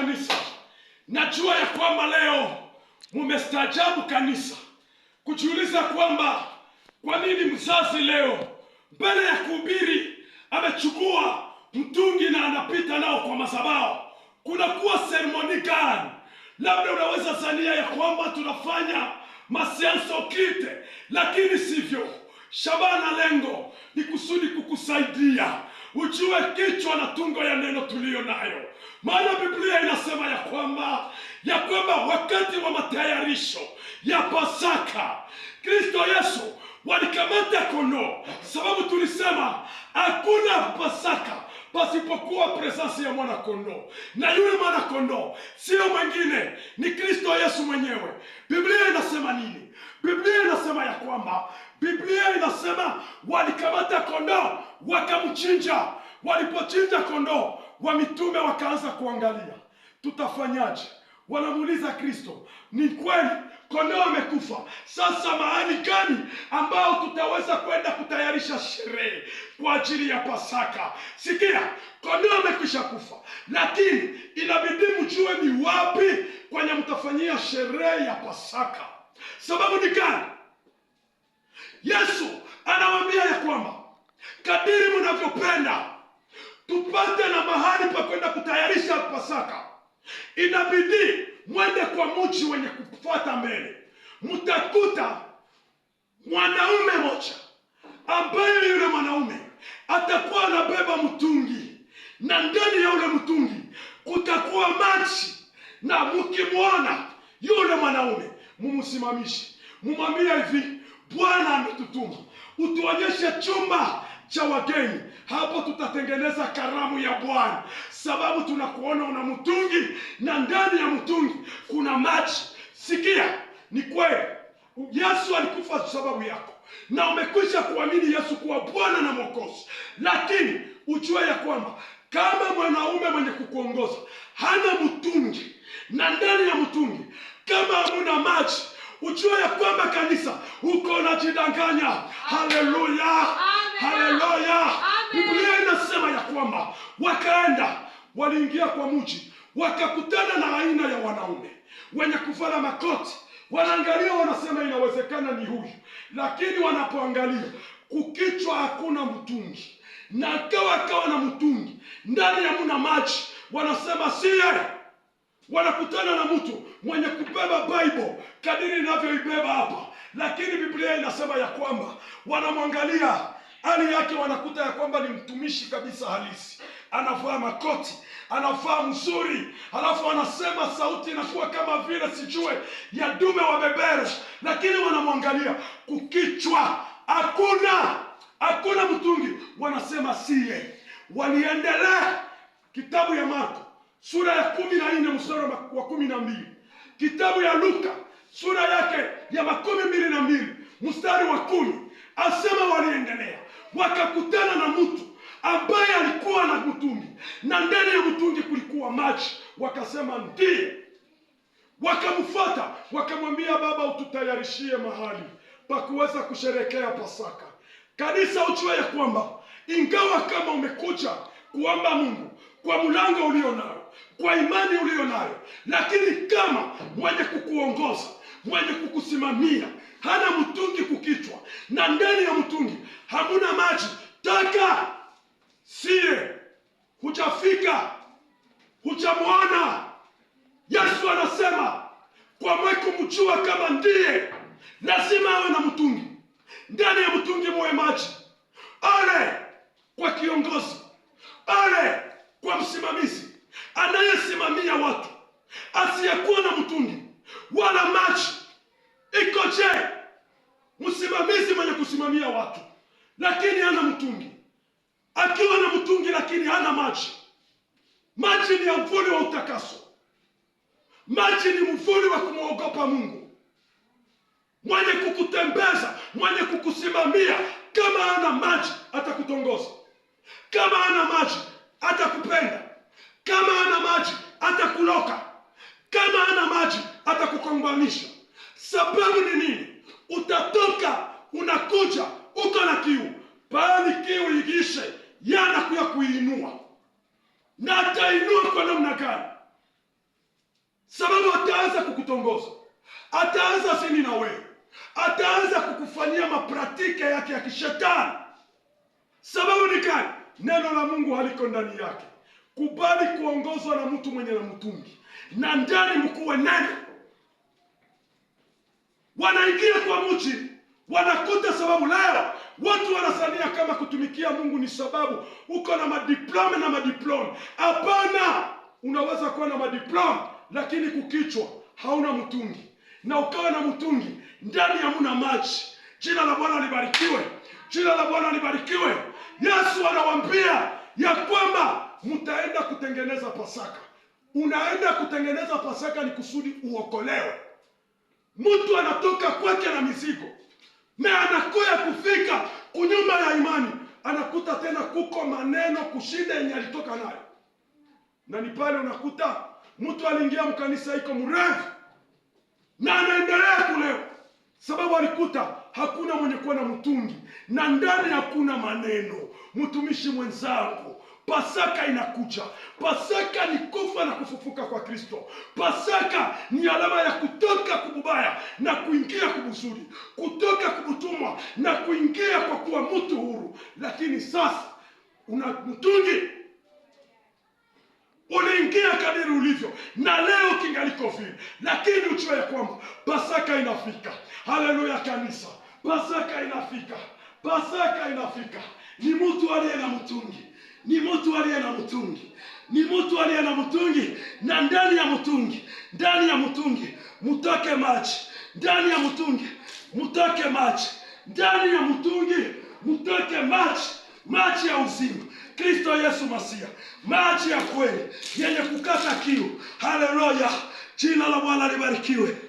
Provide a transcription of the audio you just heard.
kanisa, najua ya kwamba leo mumestaajabu kanisa kujiuliza kwamba kwa nini mzazi leo mbele ya kuhubiri amechukua mtungi na anapita nao kwa madhabahu. Kunakuwa seremoni gani? Labda unaweza zania ya kwamba tunafanya masianso kite, lakini sivyo. shabana lengo ni kusudi kukusaidia ujue kichwa na tungo ya neno tuliyo nayo maana Biblia inasema ya kwamba ya kwamba wakati wa matayarisho ya Pasaka Kristo Yesu walikamata kondoo, sababu tulisema hakuna Pasaka pasipokuwa presensi ya mwana kondoo, na yule mwana kondoo sio mwingine, ni Kristo Yesu mwenyewe. Biblia inasema nini? Biblia inasema ya kwamba, Biblia inasema walikamata kondoo wakamchinja. Walipochinja kondoo wa mitume wakaanza kuangalia, tutafanyaje? Wanamuuliza Kristo, ni kweli kondoo amekufa, sasa mahali gani ambao tutaweza kwenda kutayarisha sherehe kwa ajili ya Pasaka? Sikia, kondoo amekwisha kufa, lakini inabidi mjue ni wapi kwenye mtafanyia sherehe ya Pasaka. Sababu ni gani? Yesu anawaambia ya kwamba kadiri mnavyopenda Pasaka, inabidi mwende kwa mji wenye kufuata mbele, mtakuta mwanaume mocha ambaye yule mwanaume atakuwa anabeba mtungi, na ndani ya ule mtungi kutakuwa maji, na mkimwona yule mwanaume mumsimamishe, mumwambie hivi, Bwana ametutuma utuonyeshe chumba cha wageni. Hapo tutatengeneza karamu ya Bwana, sababu tunakuona una mtungi na ndani ya mtungi kuna maji. Sikia, ni kweli Yesu alikufa sababu yako na umekwisha kuamini Yesu kuwa Bwana na Mwokozi, lakini ujue ya kwamba kama mwanaume mwenye kukuongoza hana mtungi na ndani ya mtungi kama hamuna maji, ujue ya kwamba kanisa, uko unajidanganya. Haleluya! kwamba wakaenda, waliingia kwa mji, wakakutana na aina ya wanaume wenye kuvala makoti, wanaangalia, wanasema inawezekana ni huyu, lakini wanapoangalia kukichwa hakuna mtungi, na akawa akawa na mtungi ndani ya muna maji, wanasema si yeye wanakutana na mtu mwenye kubeba Bible kadiri inavyoibeba hapa, lakini Biblia inasema ya kwamba wanamwangalia hali yake wanakuta ya kwamba ni mtumishi kabisa halisi, anavaa makoti, anavaa mzuri, halafu anasema sauti inakuwa kama vile sijue ya dume wa bebera, lakini wanamwangalia kukichwa, hakuna hakuna mtungi, wanasema siye. Waliendelea kitabu ya Marko sura ya kumi na nne mstari wa kumi na mbili kitabu ya Luka sura yake ya makumi mbili na mbili mstari wa kumi asema waliendelea wakakutana na mtu ambaye alikuwa na mtungi na ndani ya mtungi kulikuwa maji, wakasema ndiye. Wakamfuata wakamwambia, baba, ututayarishie mahali pa kuweza kusherekea Pasaka. Kanisa, ujue ya kwamba ingawa kama umekuja kuomba Mungu kwa mlango ulio nayo, kwa imani ulio nayo, lakini kama mwenye kukuongoza mwenye kukusimamia hana mtungi kukichwa na ndani ya mtungi hamuna maji, taka sie, hujafika hujamwona. Yesu anasema kwa mwekumjua kama ndiye, lazima awe na mtungi, ndani ya mtungi muwe maji. Ole kwa kiongozi, ole kwa msimamizi anayesimamia watu asiyekuwa na mtungi wala maji. Iko je? msimamizi mwenye kusimamia watu, lakini hana mtungi. Akiwa na mtungi lakini hana maji, maji ni mvuli wa utakaso, maji ni mvuli wa kumwogopa Mungu, mwenye kukutembeza, mwenye kukusimamia. Kama hana maji atakutongoza, kama hana maji atakupenda, kama hana maji atakuloka, kama hana maji atakukongwanisha. Sababu ni nini? utatoka unakuja, uko na kiu, bali kiu igishe, yanakuya kuinua na atainua kwa namna gani? Sababu ataanza kukutongoza, ataanza sini na wewe, ataanza kukufanyia mapratika yake ya kishetani. Sababu ni gani? Neno la Mungu haliko ndani yake. Kubali kuongozwa na mtu mwenye na mtungi, na ndani mkuwe nani wanaingia kwa mji wanakuta sababu. Leo watu wanasania kama kutumikia Mungu ni sababu uko na madiplome na madiplome. Hapana, unaweza kuwa na madiplome lakini kukichwa hauna mtungi, na ukawa na mtungi ndani hamuna maji. Jina la Bwana libarikiwe, jina la Bwana libarikiwe. Yesu anawambia ya kwamba mtaenda kutengeneza Pasaka. Unaenda kutengeneza Pasaka ni kusudi uokolewe mtu anatoka kwake na mizigo na anakoya kufika kunyuma ya imani, anakuta tena kuko maneno kushinda yenye alitoka nayo, na ni pale unakuta mtu aliingia mkanisa iko mrefu na anaendelea kulewa, sababu alikuta hakuna mwenye kuwa na mtungi na ndani hakuna maneno. Mtumishi mwenzako Pasaka inakuja. Pasaka ni kufa na kufufuka kwa Kristo. Pasaka ni alama ya kutoka kububaya na kuingia kubuzuri, kutoka kubutumwa na kuingia kwa kuwa mtu huru. Lakini sasa una mtungi, uliingia kadiri ulivyo, na leo kingaliko vile, lakini ujue ya kwamba pasaka inafika. Haleluya kanisa, pasaka inafika, pasaka inafika. Ni mtu aliye na mtungi, ni mtu aliye na mtungi, ni mtu aliye na mtungi, na ndani ya mtungi, ndani ya mtungi mtoke maji, ndani ya mtungi mtoke maji, ndani ya mtungi mtoke maji, maji ya uzima Kristo Yesu Masia, maji ya kweli yenye kukata kiu. Haleluya! Jina la Bwana libarikiwe.